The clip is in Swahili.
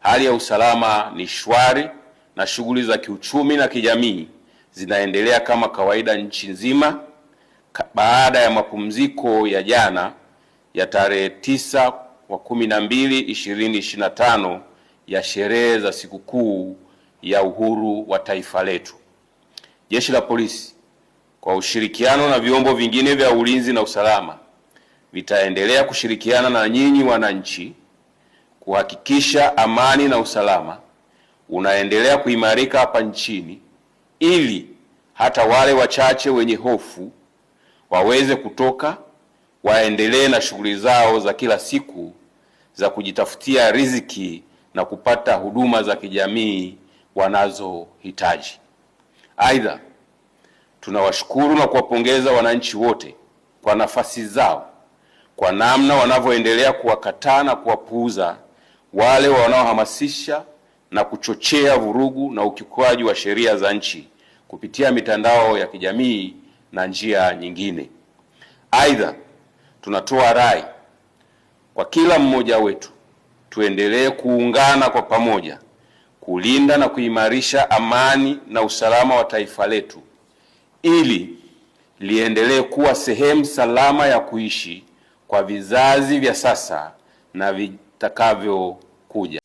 Hali ya usalama ni shwari na shughuli za kiuchumi na kijamii zinaendelea kama kawaida nchi nzima baada ya mapumziko ya jana ya tarehe tisa wa kumi na mbili ishirini ishirini na tano ya sherehe za sikukuu ya uhuru wa taifa letu. Jeshi la Polisi kwa ushirikiano na vyombo vingine vya ulinzi na usalama vitaendelea kushirikiana na nyinyi wananchi kuhakikisha amani na usalama unaendelea kuimarika hapa nchini ili hata wale wachache wenye hofu waweze kutoka waendelee na shughuli zao za kila siku za kujitafutia riziki na kupata huduma za kijamii wanazohitaji. Aidha, tunawashukuru na kuwapongeza wananchi wote kwa nafasi zao, kwa namna wanavyoendelea kuwakataa na kuwapuuza wale wanaohamasisha na kuchochea vurugu na ukiukwaji wa sheria za nchi kupitia mitandao ya kijamii na njia nyingine. Aidha, tunatoa rai kwa kila mmoja wetu tuendelee kuungana kwa pamoja kulinda na kuimarisha amani na usalama wa taifa letu ili liendelee kuwa sehemu salama ya kuishi kwa vizazi vya sasa na vi itakavyokuja.